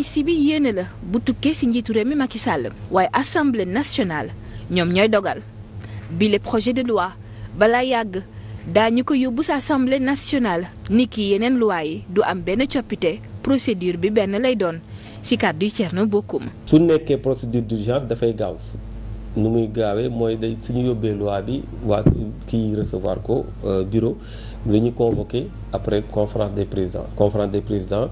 amnistie bi yéene la bu tukkee ci njiitu réew mi Macky Sall waaye assemblée nationale ñoom ñooy dogal bi le projet de loi balaa yàgg daañu ko yóbbu sa assemblée nationale nit ki yeneen loi yi du am benn coppite procédure bi benn lay doon ci kàddu yi na Bocoum. su nekkee procédure d'urgence dafay gaaw nu muy gaawee mooy day suñu yóbbee loi bi waa kii recevoir ko euh, bureau li ñu convoqué après conférence de présidents conférence des présidents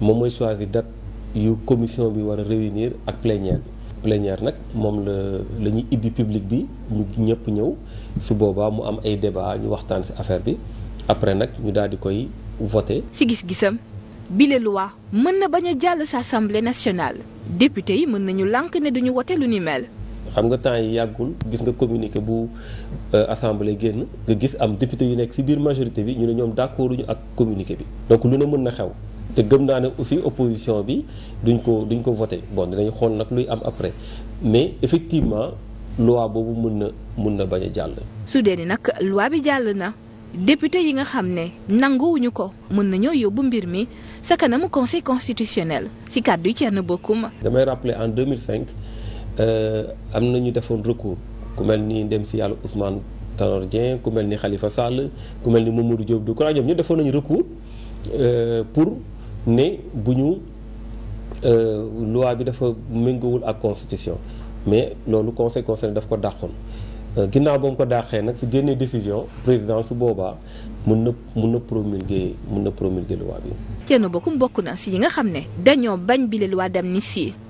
moom mooy choisir date. yu commission bi war a réunir ak plénière bi nag moom la la ñuy ibbi public bi ñu ñëpp ñëw su boobaa mu am ay débat ñu waxtaan ci affaire bi après nag ñu daal di koy voter ci gis-gisam lu loi mën na bañ a jàll sa assemblée nationale député yi mën nañu lànk ne duñu wote lu ni mel. xam nga temps yi yàggul gis nga communiqué bu euh, assemblée génn nga gis am député yu nekk ci biir majorité bi ñu ne ñoom d'accorduñu ak communiqué bi donc lu ne mën na xew. te gëm naa ne aussi opposition bi duñ ko duñ ko voté bon dinañ xool nag luy am après mais effectivement loi boobu mën na mun na bañ a jàll. su dee ni nag loi bi jàll na député yi nga xam ne nanguwuñu ko mën nañoo yóbbu mbir mi sa kanamu conseil constitutionnel si kàddu yi Thierno Bocoum. damay rappeler en 2005 euh, am na ñu defoon recours ku mel ni dem si yàlla Ousmane Tanor Dieng ku mel ni Khalifa Sall ku mel ni Mamadou Diop Decroix ñoom ñu defoon nañu recours euh, ne bu ñu euh, luwaa bi dafa méngoowul ak constitution mais loolu conseil constitutionnel daf ko dàqoon euh, ginnaaw ba mu ko dàqee nag su génnee décision président su boobaa mën na mun na promulguer mën na promulguer loi bi. Thierno Bocoum bokk na si yi nga xam ne dañoo bañ bile loi d'amnistie